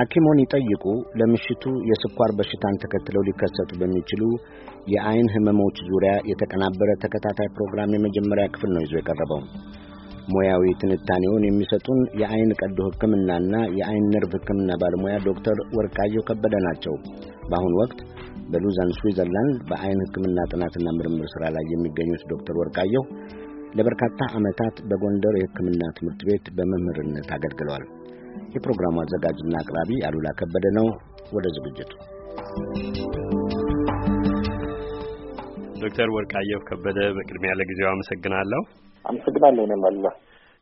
ሐኪሞን ይጠይቁ ለምሽቱ የስኳር በሽታን ተከትለው ሊከሰቱ በሚችሉ የአይን ህመሞች ዙሪያ የተቀናበረ ተከታታይ ፕሮግራም የመጀመሪያ ክፍል ነው ይዞ የቀረበው። ሙያዊ ትንታኔውን የሚሰጡን የአይን ቀዶ ሕክምናና የአይን ነርቭ ሕክምና ባለሙያ ዶክተር ወርቃየሁ ከበደ ናቸው። በአሁኑ ወቅት በሉዛን ስዊዘርላንድ በአይን ሕክምና ጥናትና ምርምር ሥራ ላይ የሚገኙት ዶክተር ወርቃየሁ ለበርካታ ዓመታት በጎንደር የሕክምና ትምህርት ቤት በመምህርነት አገልግለዋል። የፕሮግራሙ አዘጋጅና አቅራቢ አሉላ ከበደ ነው። ወደ ዝግጅቱ ዶክተር ወርቃየሁ ከበደ በቅድሚያ ለጊዜው አመሰግናለሁ። አመሰግናለሁ እኔም አሉላ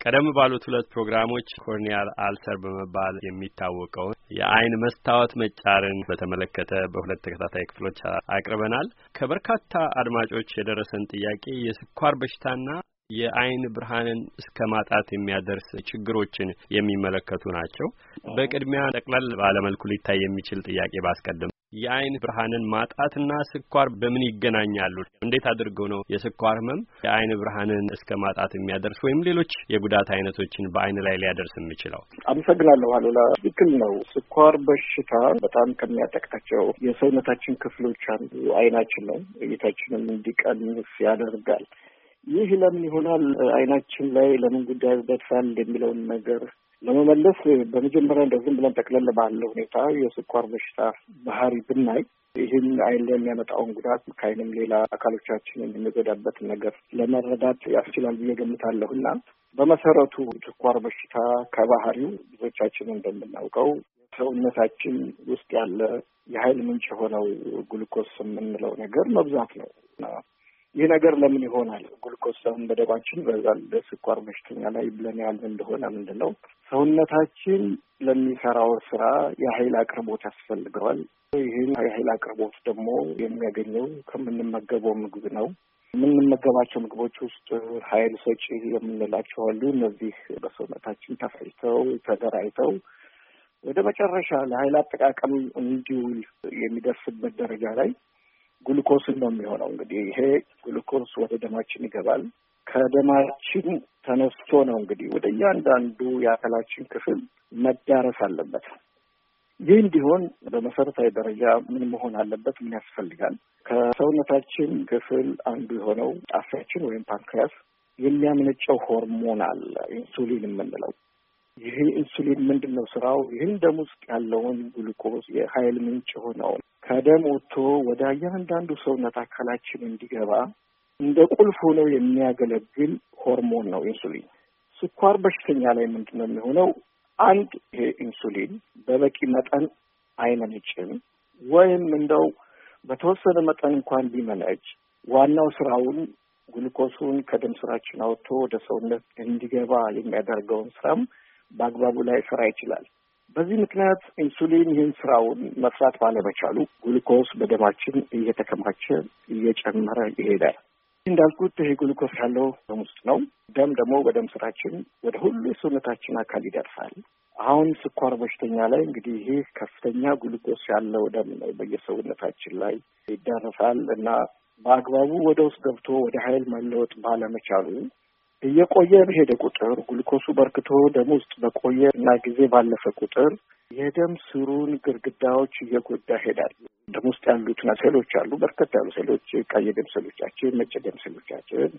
ቀደም ባሉት ሁለት ፕሮግራሞች ኮርኒያል አልሰር በመባል የሚታወቀውን የአይን መስታወት መጫርን በተመለከተ በሁለት ተከታታይ ክፍሎች አቅርበናል። ከበርካታ አድማጮች የደረሰን ጥያቄ የስኳር በሽታና የአይን ብርሃንን እስከ ማጣት የሚያደርስ ችግሮችን የሚመለከቱ ናቸው። በቅድሚያ ጠቅለል ባለመልኩ ሊታይ የሚችል ጥያቄ ባስቀድም የአይን ብርሃንን ማጣትና ስኳር በምን ይገናኛሉ? እንዴት አድርገው ነው የስኳር ህመም የአይን ብርሃንን እስከ ማጣት የሚያደርስ ወይም ሌሎች የጉዳት አይነቶችን በአይን ላይ ሊያደርስ የሚችለው? አመሰግናለሁ አሉላ። ትክክል ነው። ስኳር በሽታ በጣም ከሚያጠቃቸው የሰውነታችን ክፍሎች አንዱ አይናችን ነው። እይታችንም እንዲቀንስ ያደርጋል። ይህ ለምን ይሆናል፣ አይናችን ላይ ለምን ጉዳይ ደርሳል የሚለውን ነገር ለመመለስ በመጀመሪያ እንደው ዝም ብለን ጠቅለል ባለ ሁኔታ የስኳር በሽታ ባህሪ ብናይ ይህን አይን ላይ የሚያመጣውን ጉዳት ከአይንም ሌላ አካሎቻችን የሚጎዳበት ነገር ለመረዳት ያስችላል ብዬ ገምታለሁ እና በመሰረቱ ስኳር በሽታ ከባህሪው ብዙዎቻችን እንደምናውቀው ሰውነታችን ውስጥ ያለ የኃይል ምንጭ የሆነው ግሉኮስ የምንለው ነገር መብዛት ነው። ይህ ነገር ለምን ይሆናል? ሰውን በደባችን በዛም በስኳር በሽተኛ ላይ ብለን ያለ እንደሆነ ምንድን ነው ሰውነታችን ለሚሰራው ስራ የኃይል አቅርቦት ያስፈልገዋል። ይህን የኃይል አቅርቦት ደግሞ የሚያገኘው ከምንመገበው ምግብ ነው። የምንመገባቸው ምግቦች ውስጥ ኃይል ሰጪ የምንላቸው አሉ። እነዚህ በሰውነታችን ተፈጭተው ተዘራይተው ወደ መጨረሻ ለኃይል አጠቃቀም እንዲውል የሚደርስበት ደረጃ ላይ ግሉኮስን ነው የሚሆነው። እንግዲህ ይሄ ግሉኮስ ወደ ደማችን ይገባል። ከደማችን ተነስቶ ነው እንግዲህ ወደ እያንዳንዱ የአካላችን ክፍል መዳረስ አለበት። ይህ እንዲሆን በመሰረታዊ ደረጃ ምን መሆን አለበት? ምን ያስፈልጋል? ከሰውነታችን ክፍል አንዱ የሆነው ጣፊያችን ወይም ፓንክሪያስ የሚያምነጨው ሆርሞን አለ ኢንሱሊን የምንለው ይሄ ኢንሱሊን ምንድን ነው ስራው? ይህን ደም ውስጥ ያለውን ግሉኮዝ የሀይል ምንጭ የሆነውን ከደም ወጥቶ ወደ እያንዳንዱ ሰውነት አካላችን እንዲገባ እንደ ቁልፍ ሆኖ የሚያገለግል ሆርሞን ነው ኢንሱሊን። ስኳር በሽተኛ ላይ ምንድን ነው የሚሆነው? አንድ ይሄ ኢንሱሊን በበቂ መጠን አይመነጭም፣ ወይም እንደው በተወሰነ መጠን እንኳን ቢመነጭ ዋናው ስራውን ግሉኮሱን ከደም ስራችን አውጥቶ ወደ ሰውነት እንዲገባ የሚያደርገውን ስራም በአግባቡ ላይ ስራ ይችላል። በዚህ ምክንያት ኢንሱሊን ይህን ስራውን መስራት ባለመቻሉ ግሉኮስ በደማችን እየተከማቸ እየጨመረ ይሄዳል። እንዳልኩት ይሄ ግሉኮስ ያለው ደም ውስጥ ነው። ደም ደግሞ በደም ስራችን ወደ ሁሉ የሰውነታችን አካል ይደርሳል። አሁን ስኳር በሽተኛ ላይ እንግዲህ ይሄ ከፍተኛ ግሉኮስ ያለው ደም ነው በየሰውነታችን ላይ ይደረሳል እና በአግባቡ ወደ ውስጥ ገብቶ ወደ ኃይል መለወጥ ባለመቻሉ እየቆየ በሄደ ቁጥር ግሉኮሱ በርክቶ ደም ውስጥ በቆየ እና ጊዜ ባለፈ ቁጥር የደም ስሩን ግርግዳዎች እየጎዳ ሄዳል። ደም ውስጥ ያሉትና ሴሎች አሉ። በርከት ያሉ ሴሎች ቀይ ደም ሴሎቻችን፣ ነጭ ደም ሴሎቻችን፣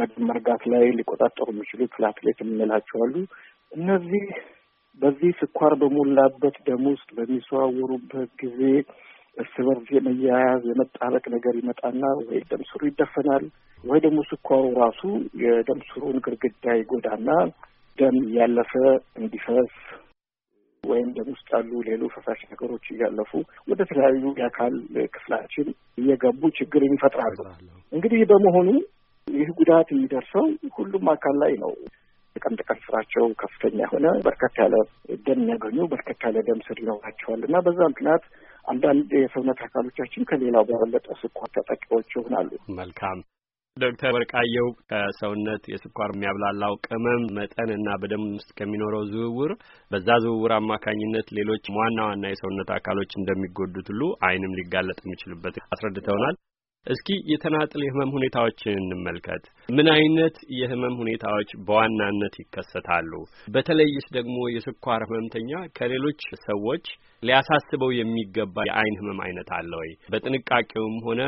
በደም መርጋት ላይ ሊቆጣጠሩ የሚችሉ ፕላትሌት የምንላቸው አሉ። እነዚህ በዚህ ስኳር በሞላበት ደም ውስጥ በሚዘዋወሩበት ጊዜ እርስ በርስ የመያያዝ የመጣበቅ ነገር ይመጣና ወይ ደም ስሩ ይደፈናል፣ ወይ ደግሞ ስኳሩ ራሱ የደም ስሩን ግድግዳ ይጎዳና ደም እያለፈ እንዲፈስ ወይም ደም ውስጥ ያሉ ሌሎ ፈሳሽ ነገሮች እያለፉ ወደ ተለያዩ የአካል ክፍላችን እየገቡ ችግርን ይፈጥራሉ። እንግዲህ በመሆኑ ይህ ጉዳት የሚደርሰው ሁሉም አካል ላይ ነው። የቀን ጥቀት ስራቸው ከፍተኛ የሆነ በርከት ያለ ደም የሚያገኙ በርከት ያለ ደም ስር ይኖራቸዋል እና በዛ ምክንያት አንዳንድ የሰውነት አካሎቻችን ከሌላው በበለጠ ስኳር ተጠቂዎች ይሆናሉ። መልካም ዶክተር ወርቃየው ከሰውነት የስኳር የሚያብላላው ቅመም መጠን እና በደም ውስጥ ከሚኖረው ዝውውር በዛ ዝውውር አማካኝነት ሌሎች ዋና ዋና የሰውነት አካሎች እንደሚጎዱት ሁሉ ዓይንም ሊጋለጥ የሚችልበት አስረድተውናል። እስኪ የተናጥል የህመም ሁኔታዎችን እንመልከት። ምን አይነት የህመም ሁኔታዎች በዋናነት ይከሰታሉ? በተለይስ ደግሞ የስኳር ህመምተኛ ከሌሎች ሰዎች ሊያሳስበው የሚገባ የአይን ህመም አይነት አለ ወይ? በጥንቃቄውም ሆነ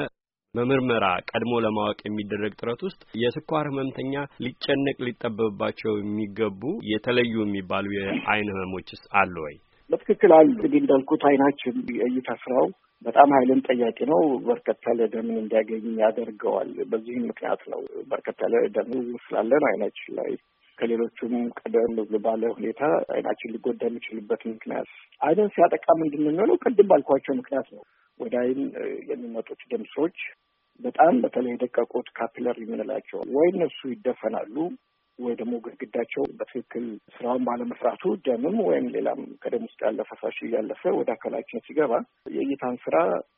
በምርመራ ቀድሞ ለማወቅ የሚደረግ ጥረት ውስጥ የስኳር ህመምተኛ ሊጨነቅ ሊጠበብባቸው የሚገቡ የተለዩ የሚባሉ የአይን ህመሞችስ አሉ ወይ? በትክክል አሉ። እንግዲህ እንዳልኩት አይናችን የእይታ ስራው በጣም ኃይልን ጠያቂ ነው። በርከት ያለ ደምን እንዲያገኝ ያደርገዋል። በዚህም ምክንያት ነው በርከት ያለ ደም ስላለን አይናችን ላይ ከሌሎቹም ቀደም ባለ ሁኔታ አይናችን ሊጎዳ የሚችልበት ምክንያት አይንን ሲያጠቃ ምንድን የሚሆነው? ቅድም ባልኳቸው ምክንያት ነው። ወደ አይን የሚመጡት ደም ስሮች በጣም በተለይ የደቀቁት ካፒለር የምንላቸው ወይ እነሱ ይደፈናሉ ወይ ደግሞ ግድግዳቸው በትክክል ስራውን ባለመስራቱ ደምም ወይም ሌላም ከደም ውስጥ ያለ ፈሳሽ እያለፈ ወደ አካላችን ሲገባ የእይታን ስራ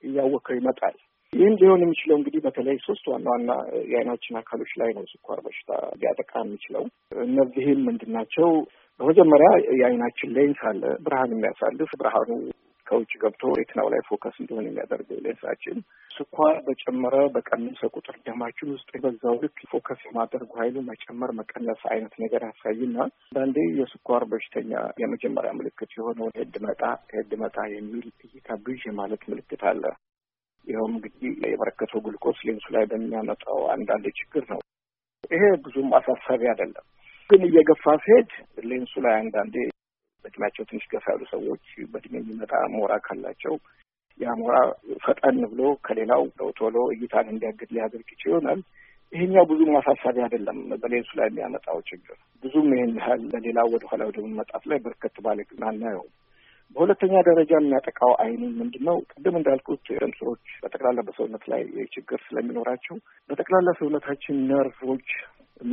እያወከው ይመጣል። ይህም ሊሆን የሚችለው እንግዲህ በተለይ ሶስት ዋና ዋና የአይናችን አካሎች ላይ ነው ስኳር በሽታ ሊያጠቃ የሚችለው። እነዚህም ምንድን ናቸው? በመጀመሪያ የአይናችን ሌንስ አለ፣ ብርሃን የሚያሳልፍ ብርሃኑ ከውጭ ገብቶ የትናው ላይ ፎከስ እንደሆነ የሚያደርገው ሌንሳችን ስኳር በጨመረ በቀነሰ ቁጥር ደማችን ውስጥ በዛው ልክ ፎከስ የማደርጉ ኃይሉ መጨመር መቀነስ አይነት ነገር ያሳይና አንዳንዴ የስኳር በሽተኛ የመጀመሪያ ምልክት የሆነውን ሄድ መጣ ሄድ መጣ የሚል እይታ ብዥ ማለት ምልክት አለ። ይኸውም እንግዲህ የበረከተው ግሉኮስ ሌንሱ ላይ በሚያመጣው አንዳንድ ችግር ነው። ይሄ ብዙም አሳሳቢ አይደለም፣ ግን እየገፋ ሲሄድ ሌንሱ ላይ አንዳንዴ በእድሜያቸው ትንሽ ገፋ ያሉ ሰዎች በእድሜ የሚመጣ ሞራ ካላቸው ያ ሞራ ፈጠን ብሎ ከሌላው ቶሎ እይታን እንዲያግድ ሊያደርግ ይችል ይሆናል። ይሄኛው ብዙም አሳሳቢ አይደለም። በሌንሱ ላይ የሚያመጣው ችግር ብዙም ይህን ያህል ለሌላው ወደኋላ መመጣት ላይ በርከት ባለ ግን አናየውም። በሁለተኛ ደረጃ የሚያጠቃው አይን ምንድን ነው? ቅድም እንዳልኩት ደም በጠቅላላ በሰውነት ላይ ችግር ስለሚኖራቸው በጠቅላላ ሰውነታችን ነርቮች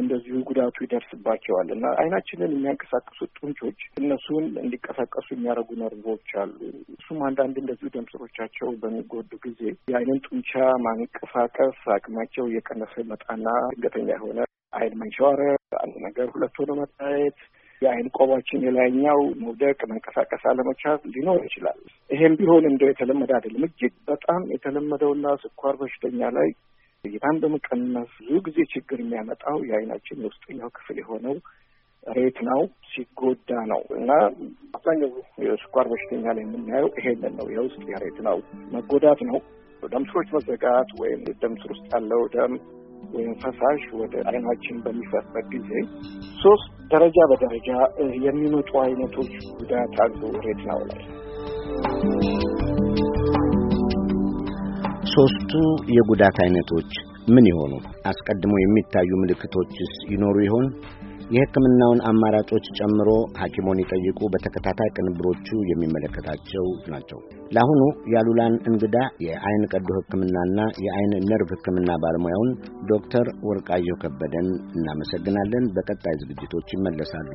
እንደዚሁ ጉዳቱ ይደርስባቸዋል እና አይናችንን የሚያንቀሳቀሱት ጡንቾች እነሱን እንዲቀሳቀሱ የሚያደርጉ ነርቮች አሉ። እሱም አንዳንድ እንደዚሁ ደም ስሮቻቸው በሚጎዱ ጊዜ የአይንን ጡንቻ ማንቀሳቀስ አቅማቸው እየቀነሰ መጣና ድንገተኛ የሆነ አይን መንሸዋረር፣ አንድ ነገር ሁለት ሆነ መታየት፣ የአይን ቆባችን የላይኛው መውደቅ፣ መንቀሳቀስ አለመቻል ሊኖር ይችላል። ይሄም ቢሆን እንደው የተለመደ አይደለም። እጅግ በጣም የተለመደውና ስኳር በሽተኛ ላይ እይታን በመቀነስ ብዙ ጊዜ ችግር የሚያመጣው የአይናችን የውስጠኛው ክፍል የሆነው ሬት ነው ሲጎዳ ነው እና አብዛኛው የስኳር በሽተኛ ላይ የምናየው ይሄንን ነው። የውስጥ የሬት ነው መጎዳት ነው። ደም ስሮች መዘጋት ወይም ደም ስር ውስጥ ያለው ደም ወይም ፈሳሽ ወደ አይናችን በሚፈስበት ጊዜ ሶስት ደረጃ በደረጃ የሚመጡ አይነቶች ጉዳት አሉ ሬት ነው ላይ ሦስቱ የጉዳት አይነቶች ምን ይሆኑ? አስቀድሞ የሚታዩ ምልክቶችስ ይኖሩ ይሆን? የሕክምናውን አማራጮች ጨምሮ ሐኪሞን ይጠይቁ በተከታታይ ቅንብሮቹ የሚመለከታቸው ናቸው። ለአሁኑ ያሉላን እንግዳ የአይን ቀዶ ሕክምናና የአይን ነርቭ ሕክምና ባለሙያውን ዶክተር ወርቃየሁ ከበደን እናመሰግናለን። በቀጣይ ዝግጅቶች ይመለሳሉ።